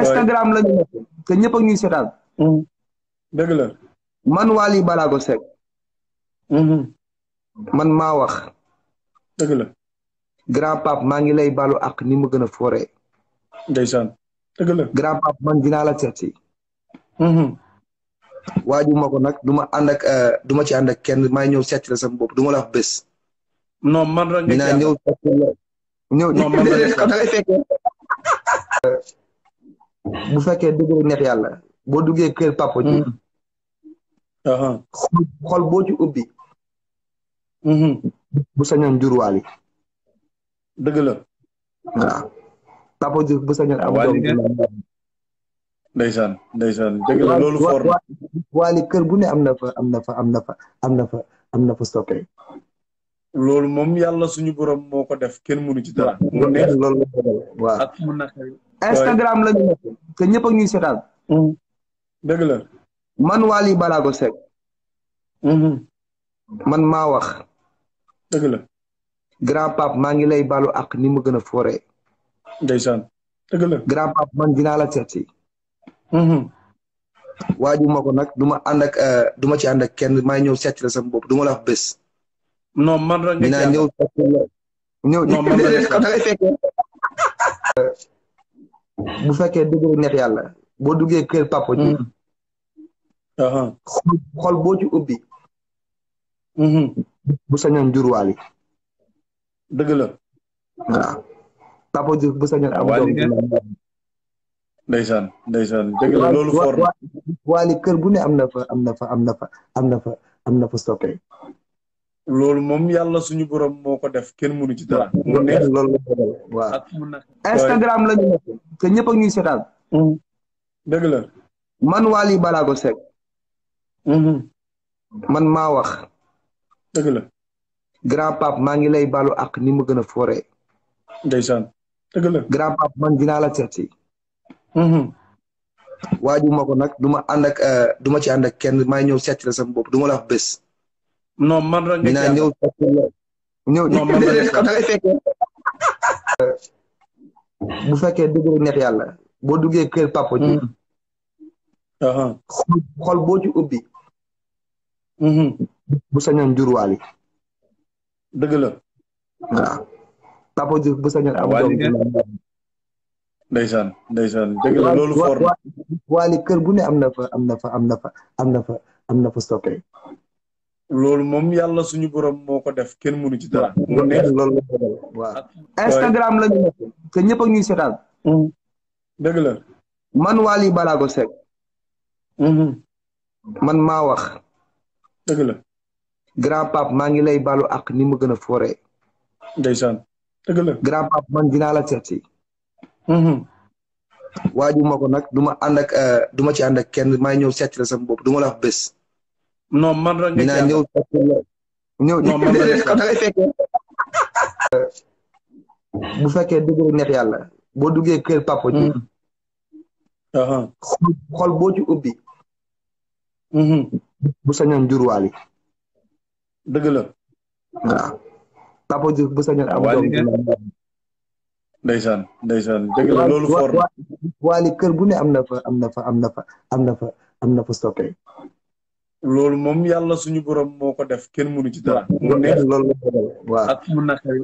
Instagram la ñu nekk te ñëpp ak ñuy seetaan. Mm-hmm. dëgg la. man Waly Balago Seck. Mm-hmm. man maa wax. la. grand pape maa ngi lay balu ak ni mu gën a fooree. ndeysaan dëgg la. grand pape man dinaa la seet si. Mm-hmm. waaju ma ko nag du ma ànd ak euh, du ma ci ànd ak kenn maa ñëw seet la sama bopp du ma la wax bés. man la bu fekkee dëgg rek neex yàlla boo duggee kër papa ji mm. uh-huh. xol boo ci ubbi mm-hmm. bu sañoon jurwaal yi dëgg la waaw papa ji bu sañoon am doom ndeysaan ndeysaan dëgg la loolu for waali kër bu ne am na fa am na fa am na am na fa am na fa soppe loolu moom yàlla suñu borom moo ko def kenn mënu ci dara mu Instagram la ñu nekk te ak ñuy seetaan. Mm-hmm. dëgg la. man Wally Balago Seck. Mm-hmm. man maa wax. grand pape maa ngi lay baalu ak ni mu gën a fooree. ndeysaan grand pape man dinaa la seet si. Mm-hmm. waaju ma ko nag du ma ànd duma euh, du ma ci ànd ak kenn maa ñëw seet la bopp du la wax bés. man la ñëw seet la ñëw bu fekkee dëgg neex yàlla boo duggee kër papa ji xol boo ci ubbi mm-hmm. bu sañoon jurwaali dëgg la waaw papa ji bu sañoon am doom ndeysaan ndeysaan dëgg la loolu for waali kër bu ne am na fa am na fa am na fa am na fa am na fa soppe loolu moom yàlla suñu borom moo ko def kenn mënu ci dara waaw Instagram lañu nekk que ñëpp ak ñuy seetaan. Mm-hmm. dëgg la. man Wally Ballago Seck. Mm-hmm. man maa wax. la. grand pape maa ngi lay baalu ak ni mu gën a fooree. ndeysaan dëgg la. grand pape man dinaa la seet si. Mm-hmm. waaju ma ko nag du ma ànd ak euh, du ma ci ànd ak kenn maa ñëw seet la sama bopp du ma la wax man rek ñëw seet la ñëw bu fekkee dëgg neex yàlla boo duggee kër papa ji. Mm-hmm. Uh-huh. xol xol boo ci ubbi. Mm-hmm. bu sañoon jurwaali. dëgg la. waaw papa ji bu sañoon am doom. ndeysaan ndeysaan dëgg la loolu. for kër bu ne am na fa am na fa am na fa am na fa am na fa stocké. loolu moom yàlla suñu borom moo def kenn mënu ci dara. mu neex Instagram la ñu nekk te ñëpp a ñuy seetaan. Mm. dëgg la. man Wally Balago Seck. Mm-hmm. man maa wax. dëgg la. grand pape maa ngi lay baalu ak ni mu gën a fooree. ndeysaan dëgg la. grand pape man dinaa la seet si. Mm-hmm. waaju ma ko nag du ma ànd ak euh, du ci ànd ak kenn maa ñëw seet la sama bopp du la wax bés. non man rek nga jàll ñëw ñëw non man rek da ngay fekkee bu fekkee dugg neex yàlla boo duggee kër papa mm. xol boo ci ubbi mm-hmm. bu sañoon jurwaali dëgg la waaw papa ji bu sañoon am doom ndeysaan ndeysaan dëgg la loolu for waali kër bu ne am na am na fa am na am na fa am na fa soppe loolu moom yàlla suñu borom moo ko def kenn mënu ci dara. mu neex loolu la ak mu naqari